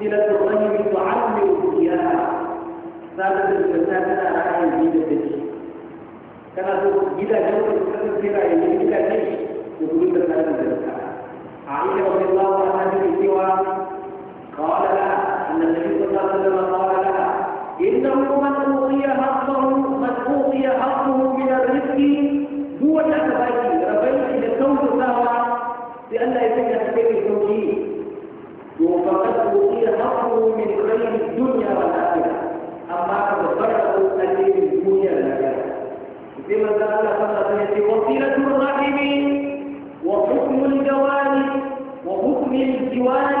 إلى الرجل تعلم إياها ثابت الفساد على عين جيدة كما هو جدا جوة الفساد في رأيه جدا جيش يقول الفساد الفساد عائشة رضي الله عنها في سوى قال لها أن النبي صلى الله عليه وسلم قال لها إنه من أوتي حقه من أوتي حقه من الرزق هو تأبى ربيت لكون سهوا لأن يتكلم به وفقد أوتي حقه من خير الدنيا والآخرة أما قد فرقه أجر الدنيا والآخرة بما قال فقد وصلة الرحم وحكم الجوار وحكم الجوار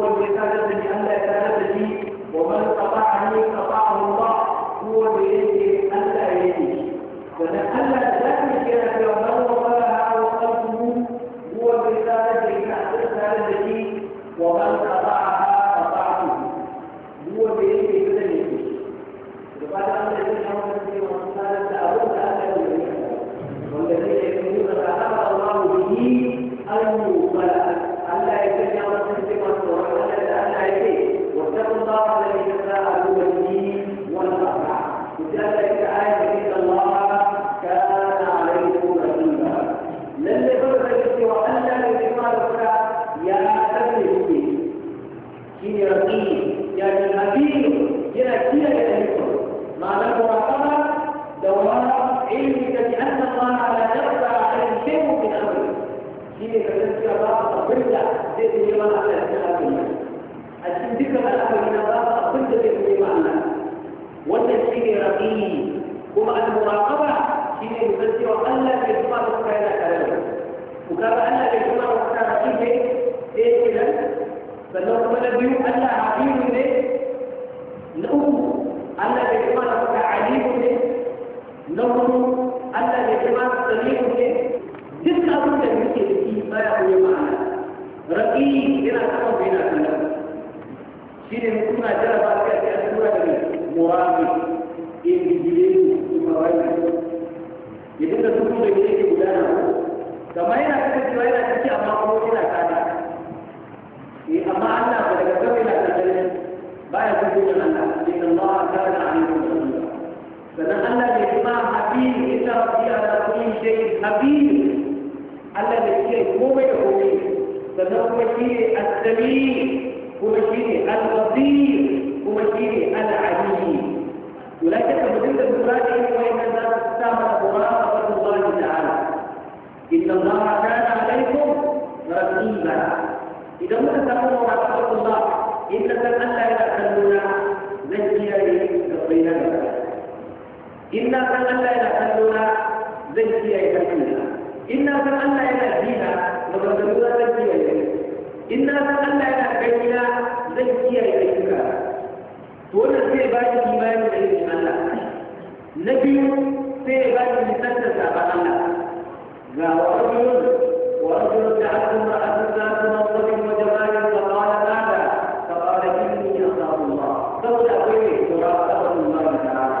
هو الوسادة أن لا لي ومن قطعني قطعه الله هو بيده أن لا القليل كما المراقبة هي يبدو أن لا يجمع مكان كلامه وكما أن لا يجمع مكان فيه إيه كده بل لو كما نبيه أن لا عقيم منه نقول أن لا يجمع مكان عليم منه نقول أن لا يجمع سليم منه جزء أبو تنبيه لكي ما يقول معنا رقيب إلى كما بينا كلامه شيء مكتوب على جلبات كأسئلة مراقب kama yana kasancewa yana ciki amma kuma yana tsada eh amma Allah ba daga gaba yana tsada baya gudu da Allah inna Allah kana alimun basira sannan Allah ne kuma habib ita rabbi ala kulli shay'in habib Allah ne ke komai da komai sannan kuma shi ne as-sami kuma shi ne al-basir kuma shi ne al-alim ولكن mutum da lura Allah kan alaikum rasiba. Idan muka samu wa ina idan kan Allah ya dakan duna, nan jiya ne da bayyana da kai. Inna kan Allah ya dakan duna, zan jiya ya kai duna. Inna kan Allah ya dakan duna, da bayyana da kai. Inna kan Allah ya dakan duna, zan jiya ya kai duna. To wannan sai ba ki imani da yin Allah. Na biyu sai ya ba ki misalta sabon Allah. لا ورجل ورجل جعلت ذات منصب وجمال فقال ماذا؟ فقال إني أخاف الله فقد الله تعالى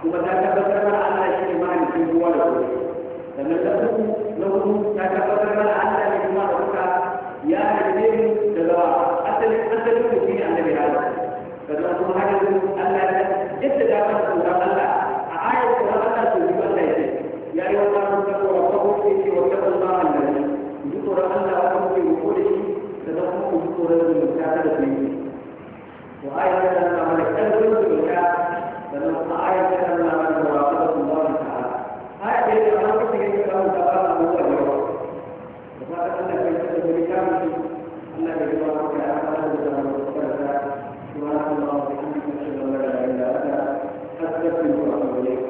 kuma ta tabbatar mana Allah shi ne mana cikin kowa da kowa sannan ta uku na hudu ta tabbatar mana Allah ne kuma da kuka ya haife mu daga asalin asalin mu shine annabi Adam sannan kuma har yanzu Allah ya yadda da mana tsoron Allah a ayar tsoron Allah to bi Allah ya ce ya yi wata mun ta tsoron kwakwa ko ce wa kasan ma Allah ne ji tsoron Allah wa kuma ke rufo da shi sannan kuma ku ji tsoron zumunta ta da ku yi wa ayar da ta mana kan zumunta لأن عائشة أنها الله تعالى هذه أن تقام هو اليوم أن تكون أنك يجب أن الله وبحمده أشهد أن لا إله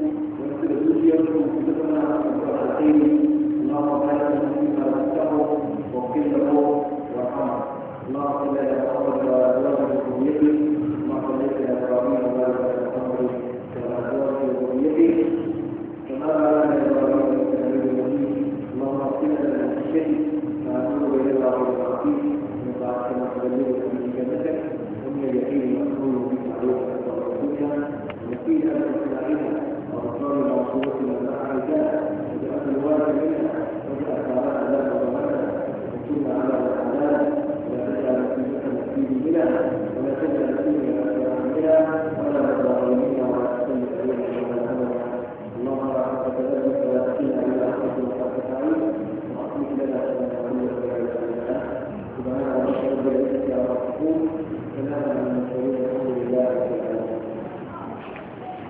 الشيء ما أقول إلا الله وسلم